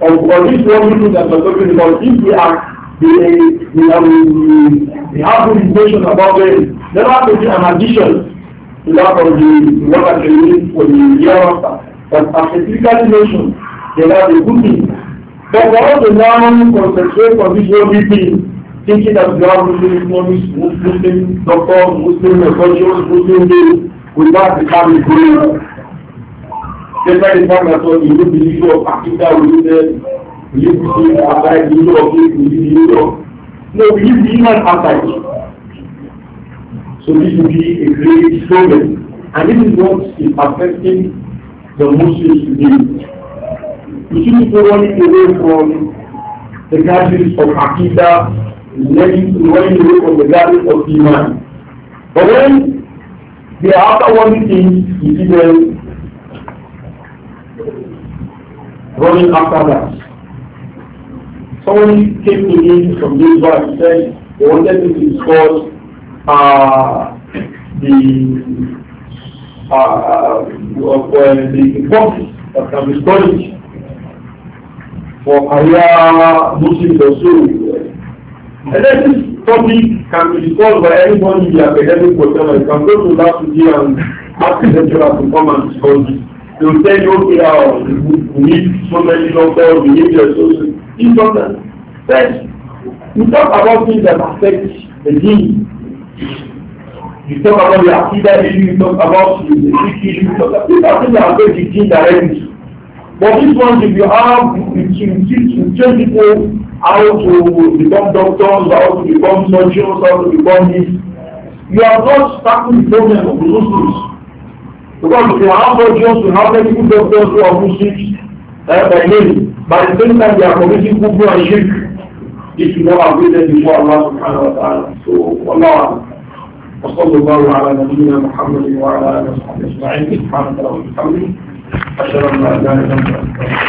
Or, or this one issue that we're talking about, if we are they, they, have, they have good intention about them, there has to be an addition to that of the what that they need for the year after. But as a critical nation, they have a good thing. But for us to now concentrate on this worldly thing, thinking that we are Muslim economists, Muslim doctors, Muslim religious, Muslim things, without becoming good. Different departments of you look the of Africa, we look the religion of outside, we of we the of... No, we look the human outside. So this would be a great struggle. And this is what is affecting the Muslims today. We should be running away from the guidance of Akita, running away from the guidance of Iman. But when they are after one thing, you see them running after that. Someone came to me from this bar and said they wanted me to discuss uh, the uh, of, uh, the importance that can be studied for career Muslims or so. And then this topic can be discussed by anyone in the academic whatever. You can go to that today and ask the lecturer to come and discuss it. They'll tell you, okay, oh, we need so many doctors, we need your social. These doctors, first, you talk about things that affect the deen. You talk about the akida issue, you talk about the sick issue, you talk about things that affect the deen directly. But this one, if you have, if you teach, you tell people how to become doctors, how to become surgeons, how to become this, you are not tackling the problem of the Muslims. Because if you have no Jews, you have many people those who are Muslims uh, by name. but at the same time, they are committing Kufru and Shirk. This will not agree them before Allah subhanahu wa ta'ala. So, Allah وصلى الله على نبينا محمد وعلى اله وصحبه اجمعين سبحانك اللهم وبحمدك اشهد ان لا اله الا انت